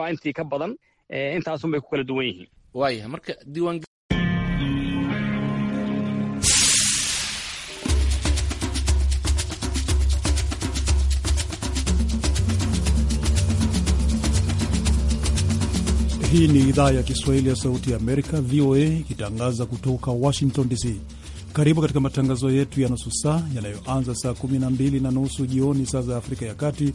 waa intii ka badan intaasun bay ku kala duwan yihiin marka diiwaan Hii ni idhaa ya Kiswahili ya Sauti ya Amerika, VOA, ikitangaza kutoka Washington DC. Karibu katika matangazo yetu ya nusu saa yanayoanza saa 12 na nusu jioni saa za Afrika ya Kati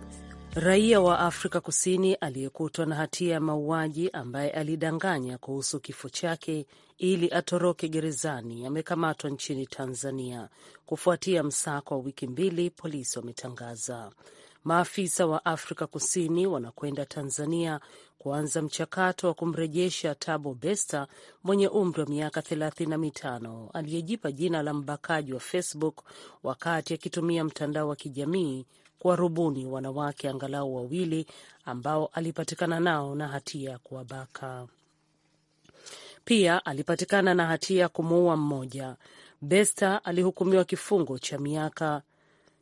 Raia wa Afrika Kusini aliyekutwa na hatia ya mauaji ambaye alidanganya kuhusu kifo chake ili atoroke gerezani amekamatwa nchini Tanzania kufuatia msako wa wiki mbili, polisi wametangaza. Maafisa wa Afrika Kusini wanakwenda Tanzania kuanza mchakato wa kumrejesha tabo besta mwenye umri wa miaka thelathini na mitano aliyejipa jina la mbakaji wa Facebook wakati akitumia mtandao wa kijamii kuwarubuni wanawake angalau wawili ambao alipatikana nao na hatia ya kuwabaka. Pia alipatikana na hatia ya kumuua mmoja. Besta alihukumiwa kifungo cha miaka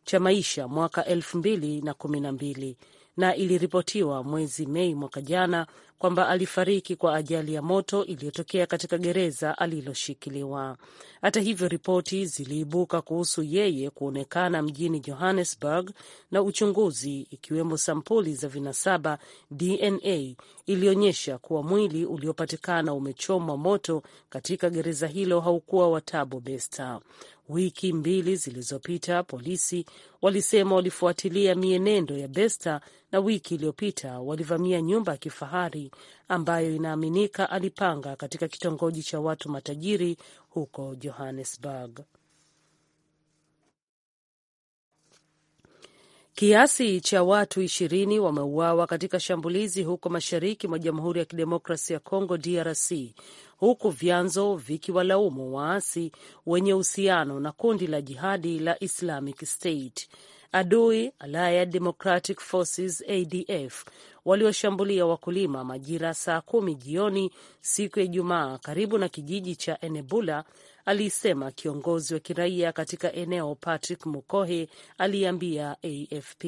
cha maisha mwaka elfu mbili na kumi na mbili na iliripotiwa mwezi Mei mwaka jana kwamba alifariki kwa ajali ya moto iliyotokea katika gereza aliloshikiliwa. Hata hivyo, ripoti ziliibuka kuhusu yeye kuonekana mjini Johannesburg na uchunguzi, ikiwemo sampuli za vinasaba DNA, ilionyesha kuwa mwili uliopatikana umechomwa moto katika gereza hilo haukuwa wa besta Wiki mbili zilizopita polisi walisema walifuatilia mienendo ya Besta na wiki iliyopita walivamia nyumba ya kifahari ambayo inaaminika alipanga katika kitongoji cha watu matajiri huko Johannesburg. Kiasi cha watu ishirini wameuawa katika shambulizi huko mashariki mwa Jamhuri ya Kidemokrasia ya Kongo DRC, huku vyanzo vikiwalaumu waasi wenye uhusiano na kundi la jihadi la Islamic State adui Allied Democratic Forces ADF walioshambulia wakulima majira saa kumi jioni siku ya Ijumaa karibu na kijiji cha Enebula, alisema kiongozi wa kiraia katika eneo Patrick Mukohe aliambia AFP.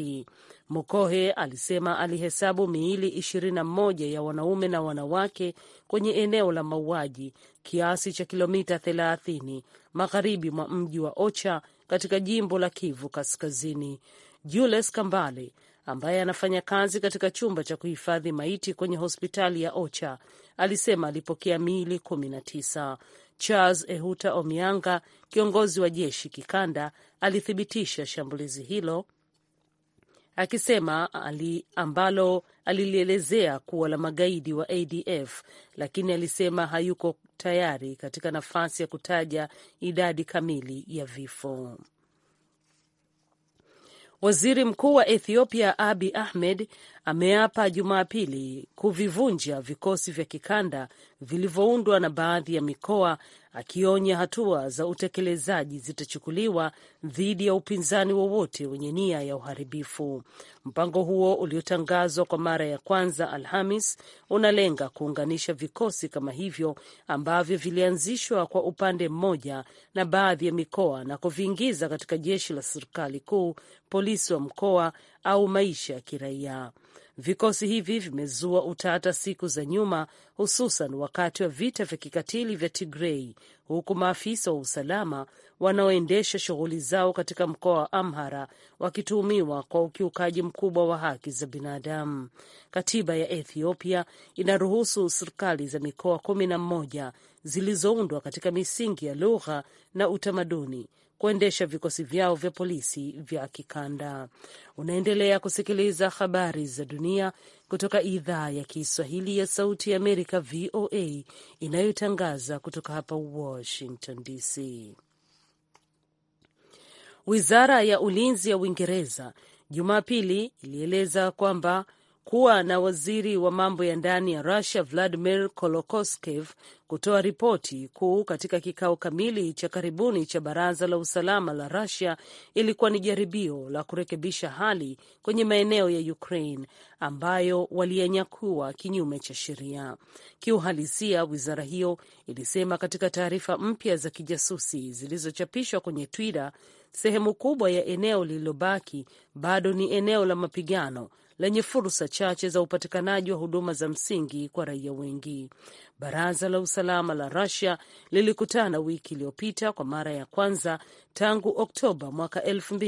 Mukohe alisema alihesabu miili ishirini na ya wanaume na wanawake kwenye eneo la mauaji kiasi cha kilomita 30 magharibi mwa mji wa Ocha katika jimbo la Kivu Kaskazini. Jules Kambale ambaye anafanya kazi katika chumba cha kuhifadhi maiti kwenye hospitali ya Ocha alisema alipokea miili kumi na tisa. Charles Ehuta Omianga, kiongozi wa jeshi kikanda, alithibitisha shambulizi hilo akisema ali ambalo alilielezea kuwa la magaidi wa ADF, lakini alisema hayuko tayari katika nafasi ya kutaja idadi kamili ya vifo. Waziri Mkuu wa Ethiopia Abi Ahmed ameapa Jumapili kuvivunja vikosi vya kikanda vilivyoundwa na baadhi ya mikoa, akionya hatua za utekelezaji zitachukuliwa dhidi ya upinzani wowote wenye nia ya uharibifu. Mpango huo uliotangazwa kwa mara ya kwanza Alhamis unalenga kuunganisha vikosi kama hivyo ambavyo vilianzishwa kwa upande mmoja na baadhi ya mikoa na kuviingiza katika jeshi la serikali kuu, polisi wa mkoa au maisha ya kiraia. Vikosi hivi vimezua utata siku za nyuma, hususan wakati wa vita vya kikatili vya Tigrei, huku maafisa wa usalama wanaoendesha shughuli zao katika mkoa wa Amhara wakituhumiwa kwa ukiukaji mkubwa wa haki za binadamu. Katiba ya Ethiopia inaruhusu serikali za mikoa kumi na mmoja zilizoundwa katika misingi ya lugha na utamaduni kuendesha vikosi vyao vya polisi vya kikanda. Unaendelea kusikiliza habari za dunia kutoka idhaa ya Kiswahili ya Sauti ya Amerika, VOA, inayotangaza kutoka hapa Washington DC. Wizara ya ulinzi ya Uingereza Jumapili ilieleza kwamba kuwa na waziri wa mambo ya ndani ya Russia Vladimir Kolokoskev kutoa ripoti kuu katika kikao kamili cha karibuni cha Baraza la Usalama la Rusia ilikuwa ni jaribio la kurekebisha hali kwenye maeneo ya Ukraine ambayo waliyanyakua kinyume cha sheria. Kiuhalisia, wizara hiyo ilisema katika taarifa mpya za kijasusi zilizochapishwa kwenye Twitter, sehemu kubwa ya eneo lililobaki bado ni eneo la mapigano lenye fursa chache za upatikanaji wa huduma za msingi kwa raia wengi. Baraza la usalama la Russia lilikutana wiki iliyopita kwa mara ya kwanza tangu Oktoba mwaka elfu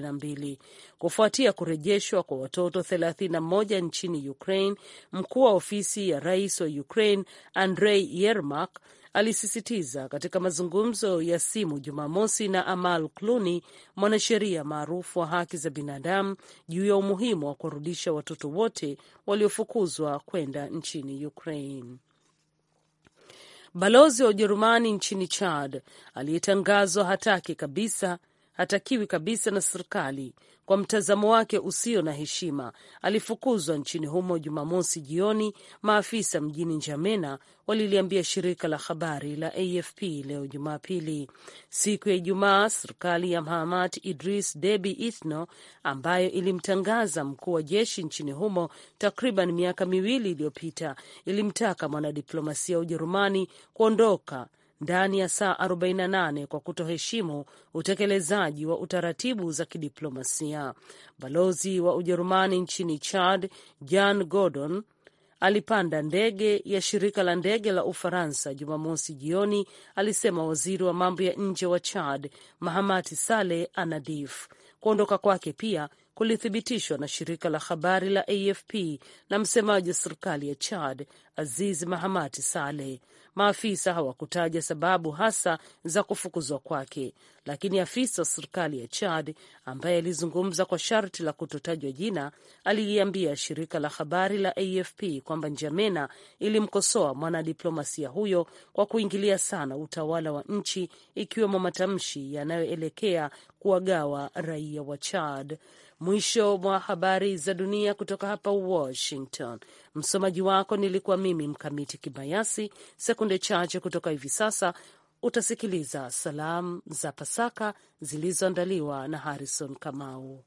na mbili kufuatia kurejeshwa kwa watoto 31 nchini Ukraine. Mkuu wa ofisi ya rais wa Ukraine Andrei Yermak alisisitiza katika mazungumzo ya simu Jumamosi na Amal Clooney, mwanasheria maarufu wa haki za binadamu, juu ya umuhimu wa kurudisha watoto wote waliofukuzwa kwenda nchini Ukraine. Balozi wa Ujerumani nchini Chad aliyetangazwa hataki kabisa hatakiwi kabisa na serikali kwa mtazamo wake usio na heshima. Alifukuzwa nchini humo Jumamosi jioni, maafisa mjini Njamena waliliambia shirika la habari la AFP leo Jumapili. Siku ya Ijumaa, serikali ya Mahamat Idris Debi Itno ambayo ilimtangaza mkuu wa jeshi nchini humo takriban miaka miwili iliyopita ilimtaka mwanadiplomasia wa Ujerumani kuondoka ndani ya saa 48 kwa kutoheshimu utekelezaji wa utaratibu za kidiplomasia. Balozi wa Ujerumani nchini Chad Jan Gordon alipanda ndege ya shirika la ndege la Ufaransa Jumamosi jioni, alisema waziri wa mambo ya nje wa Chad Mahamati Saleh Anadif. Kuondoka kwake pia kulithibitishwa na shirika la habari la AFP na msemaji wa serikali ya Chad Aziz Mahamati Saleh. Maafisa hawakutaja sababu hasa za kufukuzwa kwake, lakini afisa wa serikali ya Chad ambaye alizungumza kwa sharti la kutotajwa jina aliliambia shirika la habari la AFP kwamba Njamena ilimkosoa mwanadiplomasia huyo kwa kuingilia sana utawala wa nchi, ikiwemo matamshi yanayoelekea kuwagawa raia wa Chad. Mwisho mwa habari za dunia kutoka hapa Washington. Msomaji wako nilikuwa mimi Mkamiti Kibayasi. Sekunde chache kutoka hivi sasa utasikiliza salamu za Pasaka zilizoandaliwa na Harrison Kamau.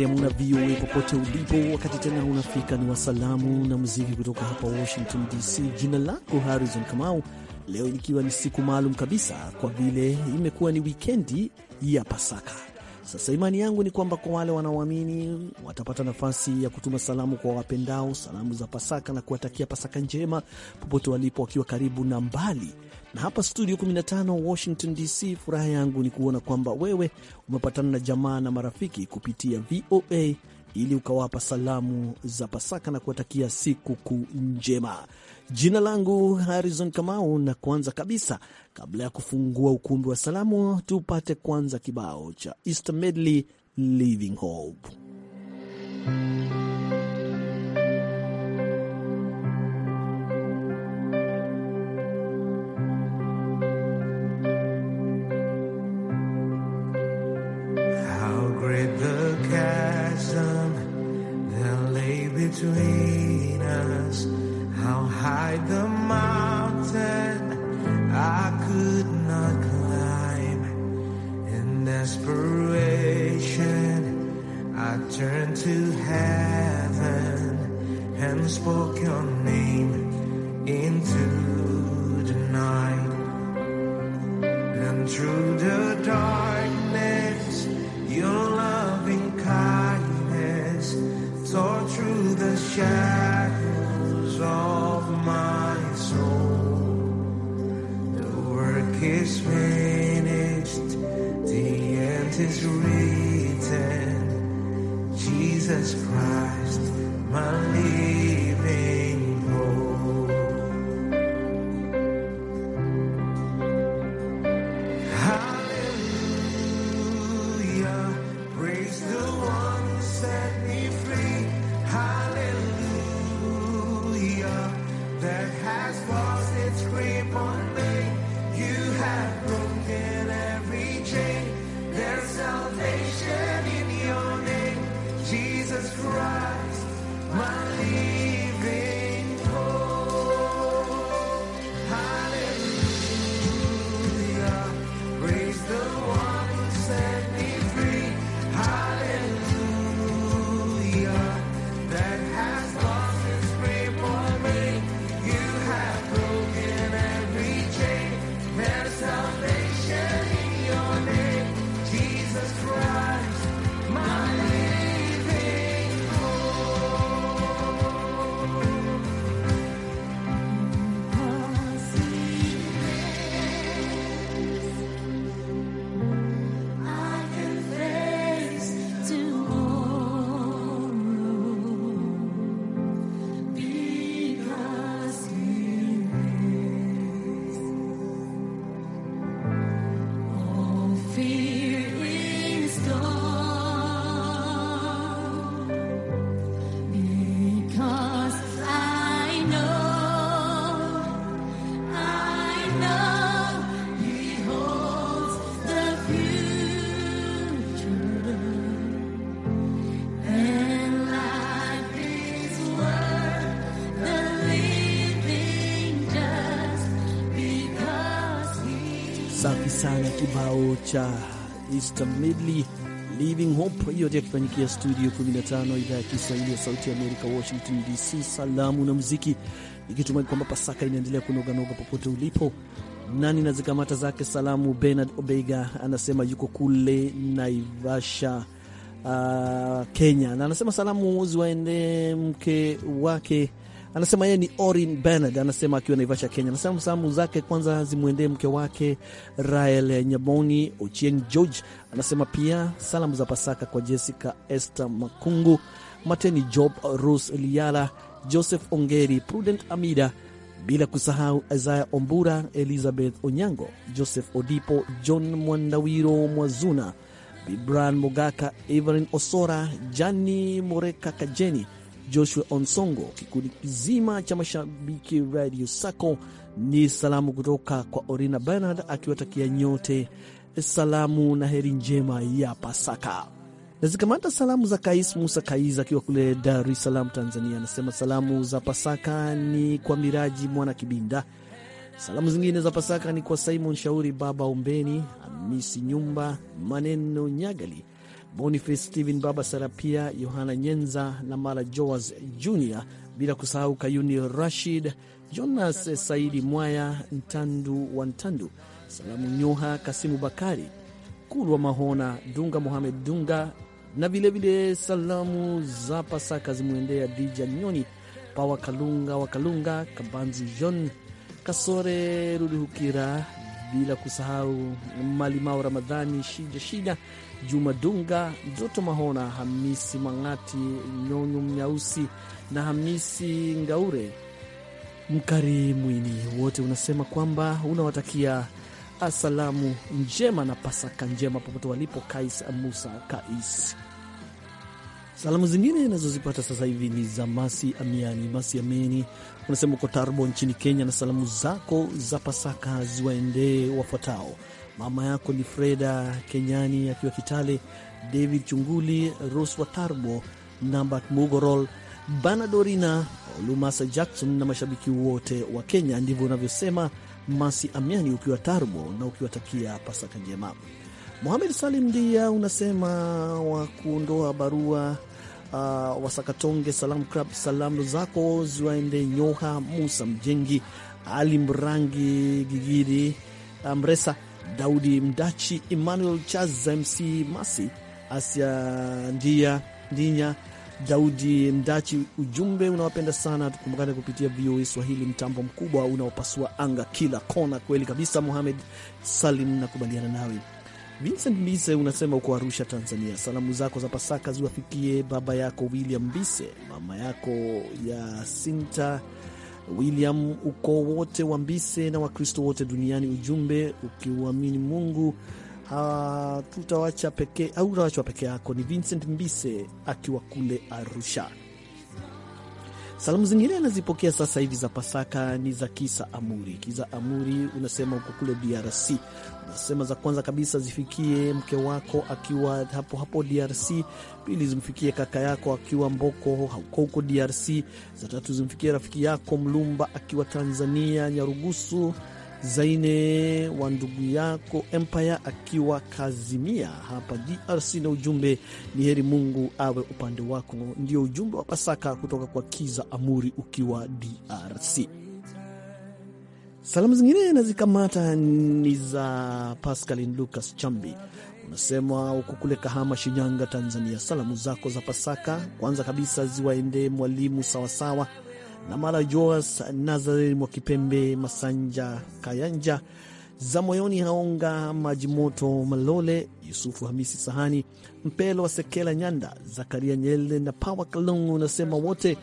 Mariamu na VOA popote ulipo, wakati tena unafika ni wasalamu na muziki kutoka hapa Washington DC. Jina langu Harrison Kamau, leo ikiwa ni siku maalum kabisa kwa vile imekuwa ni wikendi ya Pasaka. Sasa imani yangu ni kwamba kwa wale wanaoamini watapata nafasi ya kutuma salamu kwa wapendao, salamu za Pasaka na kuwatakia Pasaka njema popote walipo, wakiwa karibu na mbali na hapa studio 15 Washington DC, furaha yangu ni kuona kwamba wewe umepatana na jamaa na marafiki kupitia VOA ili ukawapa salamu za Pasaka na kuwatakia sikukuu njema. Jina langu Harrison Kamau, na kwanza kabisa, kabla ya kufungua ukumbi wa salamu, tupate kwanza kibao cha Easter Medley, Living Hope. between us. How high the mountain I could not climb. In desperation, I turned to heaven and spoke your name. kibao cha Easter Medley Living Hope, yote yakifanyikia studio 15 idhaa ya Kiswahili ya Sauti ya Amerika, Washington DC. Salamu na muziki, nikitumai kwamba Pasaka inaendelea kunoganoga popote ulipo. Nani na zikamata zake salamu. Bernard Obega anasema yuko kule Naivasha, uh, Kenya, na anasema salamu ziwaende mke wake Anasema yeye ni Orin Bernard, anasema akiwa Naivasha, Kenya. Anasema salamu zake kwanza zimwendee mke wake Rael Nyaboni Ochieng George. Anasema pia salamu za Pasaka kwa Jessica Esther Makungu, Mateni Job, ros Liala, Joseph Ongeri, Prudent Amida, bila kusahau Isaya Ombura, Elizabeth Onyango, Joseph Odipo, John Mwandawiro Mwazuna, Bibran Mogaka, Evelyn Osora, Jani Moreka Kajeni Joshua Onsongo, kikundi kizima cha mashabiki Radio Sacco. Ni salamu kutoka kwa Orina Bernard akiwatakia nyote salamu na heri njema ya Pasaka. Nazikamata salamu za Kais Musa Kais akiwa kule Dar es Salaam, Tanzania. Anasema salamu za Pasaka ni kwa Miraji Mwana Kibinda. Salamu zingine za Pasaka ni kwa Simon Shauri, Baba umbeni Hamisi Nyumba, Maneno Nyagali, Boniface Stephen Baba Serapia, Yohana Nyenza na Mara Joas Jr, bila kusahau Kayuni Rashid, Jonas Saidi Mwaya, Ntandu wa Ntandu, Salamu Nyoha, Kasimu Bakari, Kulwa Mahona, Dunga Mohamed Dunga na vilevile salamu za Pasaka zimwendea Dija Nyoni, Pawa Kalunga wa Kalunga, Kabanzi John Kasore Rudihukira, bila kusahau Malimao Ramadhani Shija Shida Juma Dunga, Doto Mahona, Hamisi Mang'ati, Nyonyo Mnyausi na Hamisi Ngaure Mkarimwini, wote unasema kwamba unawatakia asalamu njema na Pasaka njema popote walipo. Kais Musa Kais. Salamu zingine nazozipata sasa hivi ni za Masi Amiani. Masi Amiani unasema uko Tarbo nchini Kenya, na salamu zako za Pasaka ziwaendee wafuatao: mama yako ni Freda Kenyani akiwa Kitale, David Chunguli, Ros Tarbo, Nambat Mugorol, Banadorina Lumasa Jackson na mashabiki wote wa Kenya. Ndivyo unavyosema Masi Amiani ukiwa Tarbo na ukiwatakia Pasaka njema. muhamed Salim Ndia unasema wa kuondoa barua uh, Wasakatonge Salam Club, salamu zako ziwaende Nyoha Musa Mjengi, Ali Mrangi Gigiri uh, Mresa um, Daudi Mdachi, Emmanuel Chaza, MC Masi, Asia Ndia Ndinya, Daudi Mdachi. Ujumbe unawapenda sana, tukumbukane kupitia VOA Swahili, mtambo mkubwa unaopasua anga kila kona. Kweli kabisa, Muhamed Salim, nakubaliana nawe. Vincent Mbise unasema uko Arusha, Tanzania. Salamu zako za Pasaka ziwafikie baba yako William Mbise, mama yako ya sinta William, ukoo wote wa Mbise na Wakristo wote duniani, ujumbe ukiuamini Mungu utawachwa peke yako. Ni Vincent Mbise akiwa kule Arusha. Salamu zingine anazipokea sasa hivi za Pasaka ni za Kisa Amuri. Kisa Amuri unasema uko kule DRC, unasema za kwanza kabisa zifikie mke wako akiwa hapo hapo DRC, pili zimfikie kaka yako akiwa Mboko huko huko DRC, za tatu zimfikie rafiki yako Mlumba akiwa Tanzania, Nyarugusu Zaine wa ndugu yako Empire akiwa Kazimia hapa DRC, na ujumbe ni heri Mungu awe upande wako. Ndio ujumbe wa Pasaka kutoka kwa Kiza Amuri ukiwa DRC. Salamu zingine nazikamata ni za Pascalin Lucas Chambi, unasema uko kule Kahama, Shinyanga, Tanzania. Salamu zako za Pasaka kwanza kabisa ziwaendee mwalimu sawasawa sawa na mara Joas nazare Mwakipembe Masanja Kayanja za moyoni Haonga maji moto Malole Yusufu Hamisi Sahani Mpelo wa Sekela Nyanda Zakaria Nyele na Pawa Kalungu. Unasema wote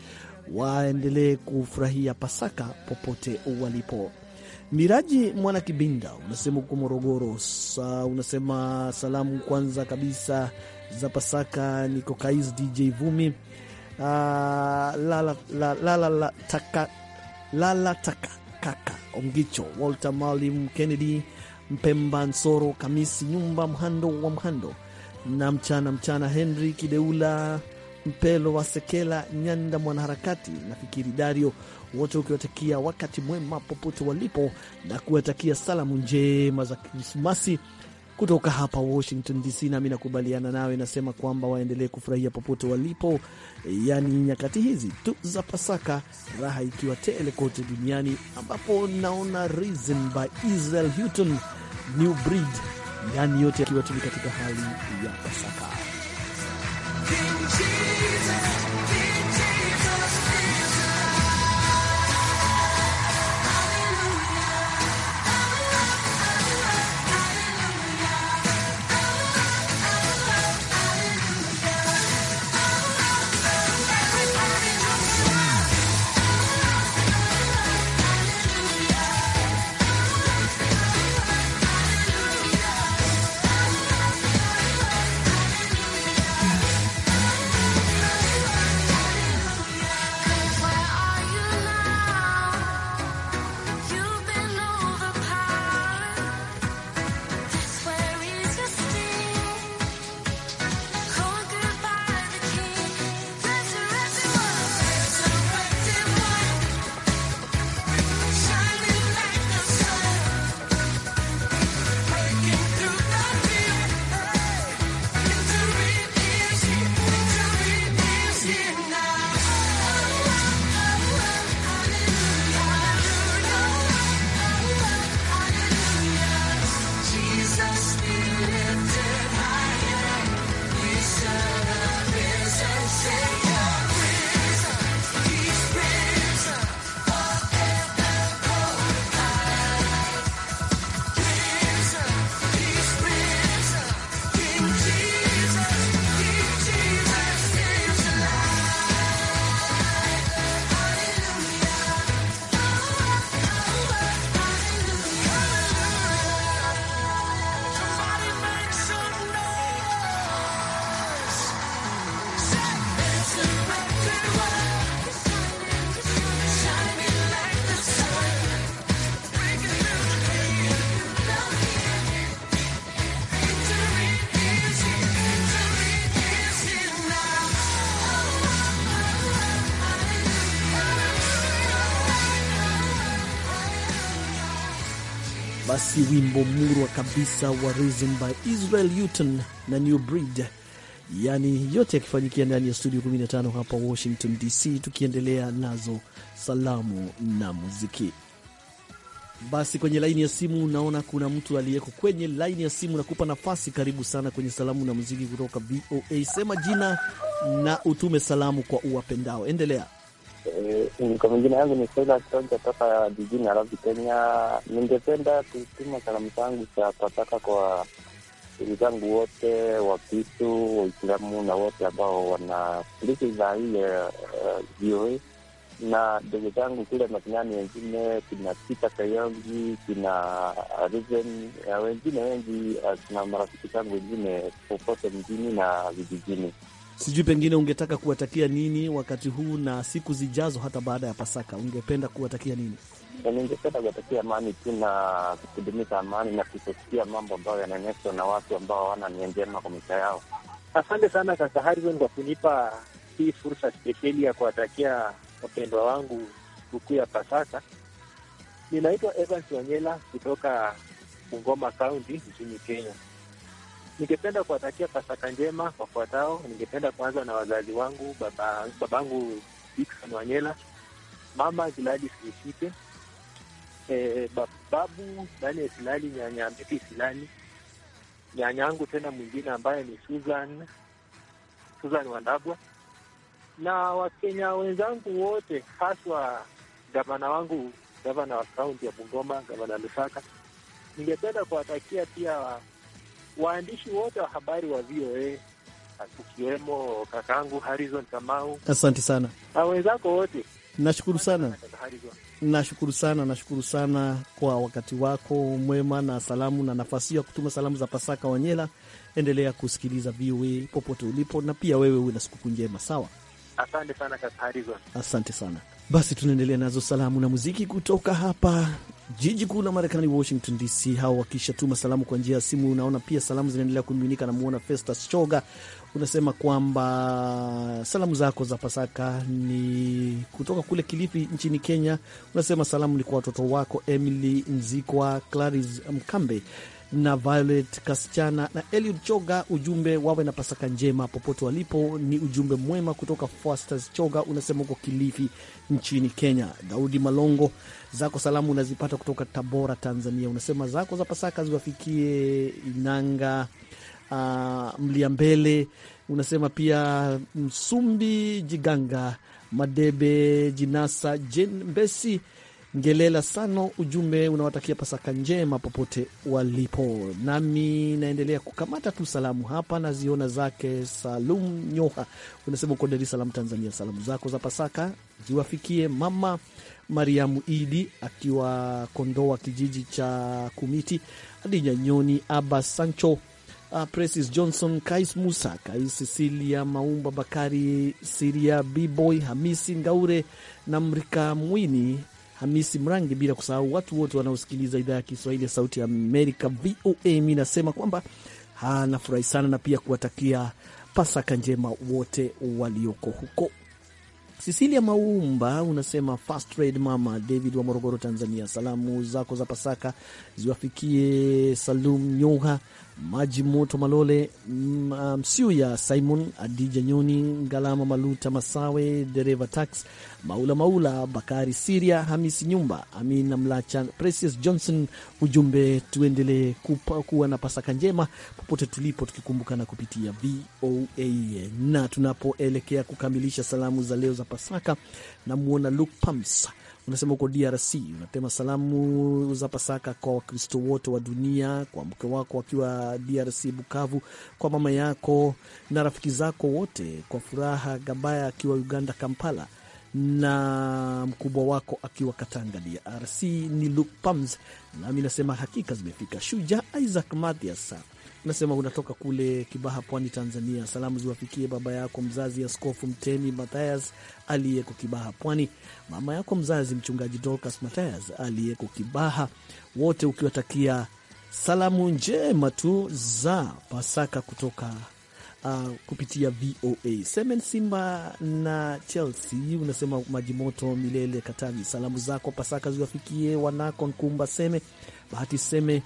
waendelee kufurahia Pasaka popote walipo. Miraji Mwana Kibinda unasema uko Morogoro. Sa, unasema salamu kwanza kabisa za Pasaka niko Kais DJ Vumi uh, ah, lala, lala, lala, lala taka, kaka Omgicho, Walter Malim, Kennedy Mpemba, Nsoro Kamisi, Nyumba Mhando wa Mhando na mchana mchana, Henry Kideula Mpelo wa Sekela Nyanda, mwanaharakati na Fikiri Dario, wote ukiwatakia wakati mwema popote walipo na kuwatakia salamu njema za Krismasi kutoka hapa Washington DC, nami nakubaliana nawe, nasema kwamba waendelee kufurahia popote walipo, yaani nyakati hizi tu za Pasaka, raha ikiwa tele kote duniani, ambapo naona Reason by Israel Houghton, New Breed, yaani yote yakiwa tuli katika hali ya Pasaka. basi wimbo murwa kabisa wa Rhythm by Israel Uton na New Breed, yaani yote yakifanyikia ndani ya studio 15 hapa Washington DC, tukiendelea nazo salamu na muziki. Basi kwenye laini ya simu naona kuna mtu aliyeko kwenye laini ya simu. Nakupa nafasi, karibu sana kwenye salamu na muziki kutoka VOA. Sema jina na utume salamu kwa uwapendao, endelea. Eh, Niko mingine yangu ni Saila toka jijini Nairobi, Kenya. Ningependa kutuma salamu zangu za Pasaka kwa ndugu zangu wote Wakristu, Waislamu na wote ambao wanashiriki idhaa hii eh, VOA na ndugu zangu kule mashinani, wengine kina Pita Kayongi, kina Ruven eh, wengine wengi, na marafiki zangu wengine popote mjini na vijijini. Sijui pengine ungetaka kuwatakia nini wakati huu na siku zijazo, hata baada ya Pasaka, ungependa kuwatakia nini? Ningependa kuwatakia amani tu na kudumisha amani na kutosikia mambo ambayo yanaonyeshwa na watu ambao hawana nia njema kwa maisha yao. Asante sana kaka harizon kwa kunipa hii fursa spesheli ya kuwatakia wapendwa wangu sikukuu ya Pasaka. Ninaitwa Evans Wanyela kutoka Bungoma Kaunti nchini Kenya. Ningependa kuwatakia Pasaka njema wafuatao. Ningependa kuanza na wazazi wangu, baba babangu Dickson Wanyela, mama Ziladi Siishike, e, eh, babu Daniel Silali, nyanya Mbiki Silali, nyanya yangu tena mwingine ambaye ni Susan Susan Wandabwa na Wakenya wenzangu wote, haswa gavana wangu, gavana wa kaunti ya Bungoma, gavana Lusaka. Ningependa kuwatakia pia waandishi wote wa habari wa VOA akiwemo kakangu Harizon Kamau. Asante sana na wenzako wote, nashukuru sana nashukuru sana nashukuru sana kwa wakati wako mwema na salamu na nafasi hiyo ya kutuma salamu za Pasaka Wanyela. Endelea kusikiliza VOA popote ulipo, na pia wewe uwe na sikukuu njema. Sawa, asante sana, asante sana. Basi tunaendelea nazo salamu na muziki kutoka hapa jiji kuu la Marekani, Washington DC. Hao wakishatuma salamu kwa njia ya simu, unaona pia salamu zinaendelea kumiminika. Namwona festa Choga, unasema kwamba salamu zako za Pasaka ni kutoka kule Kilifi nchini Kenya. Unasema salamu ni kwa watoto wako Emily nzikwa Claris Mkambe na Violet Kasichana na Eliud Choga. Ujumbe wawe na Pasaka njema popote walipo, ni ujumbe mwema kutoka Fosters Choga, unasema uko Kilifi nchini Kenya. Daudi Malongo, zako salamu unazipata kutoka Tabora, Tanzania. Unasema zako za Pasaka ziwafikie Inanga uh, ah, mbele Unasema pia Msumbi, Jiganga, Madebe, Jinasa, Jen Mbesi Ngelela Sano, ujumbe unawatakia Pasaka njema popote walipo. Nami naendelea kukamata tu salamu hapa, naziona zake Salum Nyoha, unasema uko Dar es Salaam, Tanzania. Salamu zako za Pasaka ziwafikie mama Mariamu Idi akiwa Kondoa kijiji cha Kumiti, hadi Nyanyoni, Aba Sancho, uh, Presis Johnson, Kais Musa, Kais Cecilia Maumba, Bakari Siria, Bboy Hamisi Ngaure na Mrika Mwini Hamisi Mrangi, bila kusahau watu wote wanaosikiliza idhaa ya Kiswahili ya Sauti ya Amerika VOA. Mi nasema kwamba anafurahi sana na pia kuwatakia Pasaka njema wote walioko huko. Sisilia Maumba unasema fast trade mama David wa Morogoro, Tanzania. Salamu zako za Pasaka ziwafikie Salum nyoha Maji Moto Malole, Msiuya mm, um, Simon, Adija Nyoni, Ngalama Maluta Masawe, Dereva Tax, Maula Maula, Bakari Siria, Hamisi Nyumba, Amina Mlacha, Precious Johnson. Ujumbe, tuendelee kuwa na Pasaka njema popote tulipo, tukikumbukana kupitia VOA. Na tunapoelekea kukamilisha salamu za leo za Pasaka, namwona Luke Pams unasema uko DRC, unatema salamu za Pasaka kwa Wakristo wote wa dunia, kwa mke wako akiwa DRC Bukavu, kwa mama yako na rafiki zako wote, kwa Furaha Gabaya akiwa Uganda Kampala, na mkubwa wako akiwa Katanga DRC. Ni Luke Pams nami nasema hakika zimefika. Shuja Isaac Mathias nasema unatoka kule Kibaha, Pwani, Tanzania. Salamu ziwafikie baba yako mzazi Askofu Mtemi Mathias aliyeko Kibaha Pwani, mama yako mzazi Mchungaji Dorcas Mathias aliyeko Kibaha, wote ukiwatakia salamu njema tu za Pasaka kutoka Uh, kupitia VOA Semen Simba na Chelsea unasema maji moto milele Katavi. Salamu zako Pasaka ziwafikie wanako Nkumba Seme, Bahati Seme,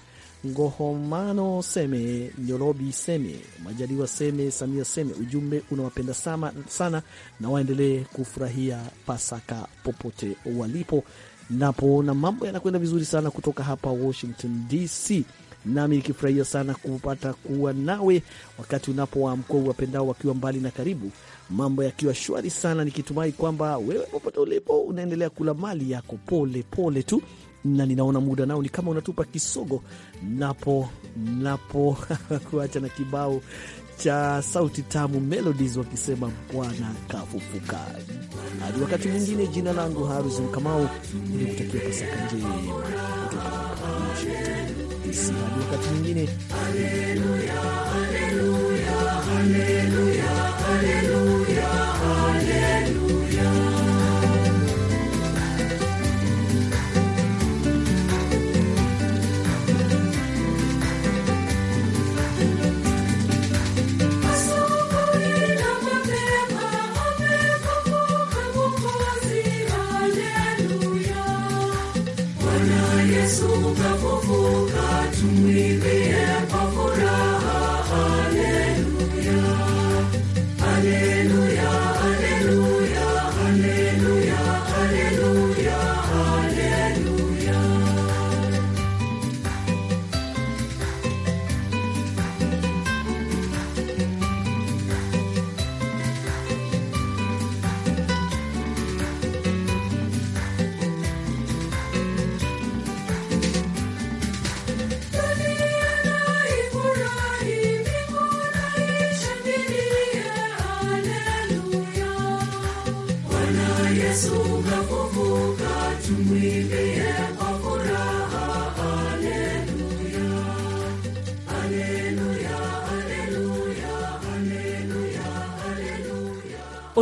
Ngohomano Seme, Nyorobi Seme, Majaliwa Seme, Samia Seme. Ujumbe unawapenda sana, sana na waendelee kufurahia Pasaka popote walipo. Napoona mambo yanakwenda vizuri sana kutoka hapa Washington DC, nami nikifurahia sana kupata kuwa nawe wakati unapowaamkua uwapendao wakiwa mbali na karibu, mambo yakiwa shwari sana, nikitumai kwamba wewe popote ulipo unaendelea kula mali yako pole pole tu na ninaona muda nao ni kama unatupa kisogo, napo napo kuacha na kibao cha sauti tamu Melodies wakisema Bwana kafufuka. Hadi wakati mwingine, jina langu Harrison Kamau, nilikutakia Pasaka njema kutoka Hadi wakati mwingine.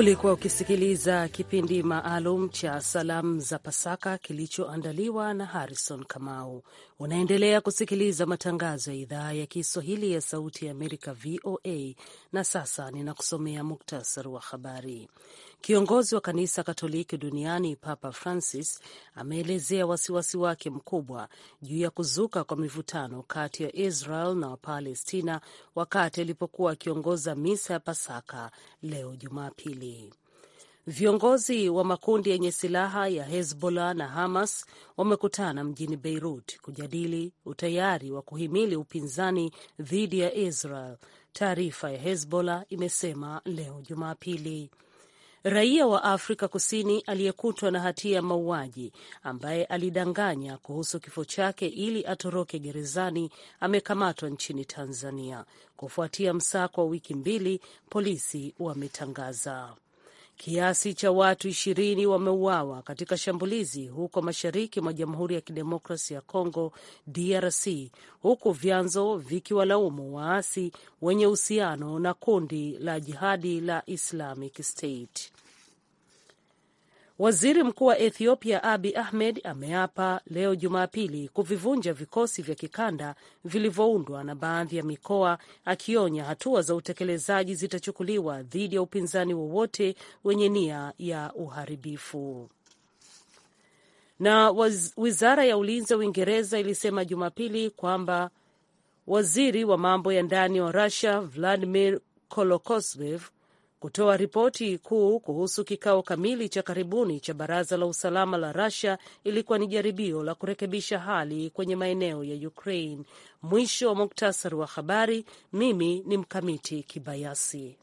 Ulikuwa ukisikiliza kipindi maalum cha salamu za Pasaka kilichoandaliwa na Harrison Kamau. Unaendelea kusikiliza matangazo ya idhaa ya Kiswahili ya Sauti ya Amerika, VOA, na sasa ninakusomea muktasari wa habari. Kiongozi wa kanisa Katoliki duniani Papa Francis ameelezea wasiwasi wake mkubwa juu ya kuzuka kwa mivutano kati ya Israel na Wapalestina wakati alipokuwa akiongoza misa ya Pasaka leo Jumapili. Viongozi wa makundi yenye silaha ya Hezbollah na Hamas wamekutana mjini Beirut kujadili utayari wa kuhimili upinzani dhidi ya Israel, taarifa ya Hezbollah imesema leo Jumapili raia wa Afrika Kusini aliyekutwa na hatia ya mauaji ambaye alidanganya kuhusu kifo chake ili atoroke gerezani amekamatwa nchini Tanzania kufuatia msako wa wiki mbili, polisi wametangaza. Kiasi cha watu ishirini wameuawa katika shambulizi huko mashariki mwa Jamhuri ya Kidemokrasi ya congo DRC, huku vyanzo vikiwalaumu waasi wenye uhusiano na kundi la jihadi la Islamic State. Waziri Mkuu wa Ethiopia Abi Ahmed ameapa leo Jumapili kuvivunja vikosi vya kikanda vilivyoundwa na baadhi ya mikoa, akionya hatua za utekelezaji zitachukuliwa dhidi ya upinzani wowote wenye nia ya uharibifu. Na waz, wizara ya ulinzi ya Uingereza ilisema Jumapili kwamba waziri wa mambo ya ndani wa Rusia Vladimir Kolokoslev kutoa ripoti kuu kuhusu kikao kamili cha karibuni cha Baraza la Usalama la Russia ilikuwa ni jaribio la kurekebisha hali kwenye maeneo ya Ukraine. Mwisho wa muktasari wa habari. Mimi ni Mkamiti Kibayasi.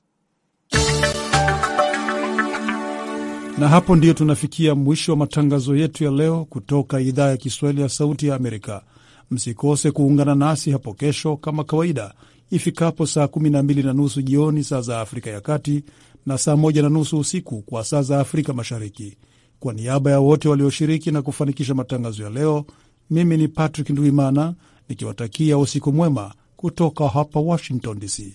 Na hapo ndiyo tunafikia mwisho wa matangazo yetu ya leo kutoka idhaa ya Kiswahili ya Sauti ya Amerika. Msikose kuungana nasi hapo kesho kama kawaida ifikapo saa kumi na mbili na nusu jioni saa za Afrika ya Kati na saa moja na nusu usiku kwa saa za Afrika Mashariki. Kwa niaba ya wote walioshiriki na kufanikisha matangazo ya leo, mimi ni Patrick Ndwimana nikiwatakia usiku mwema kutoka hapa Washington DC.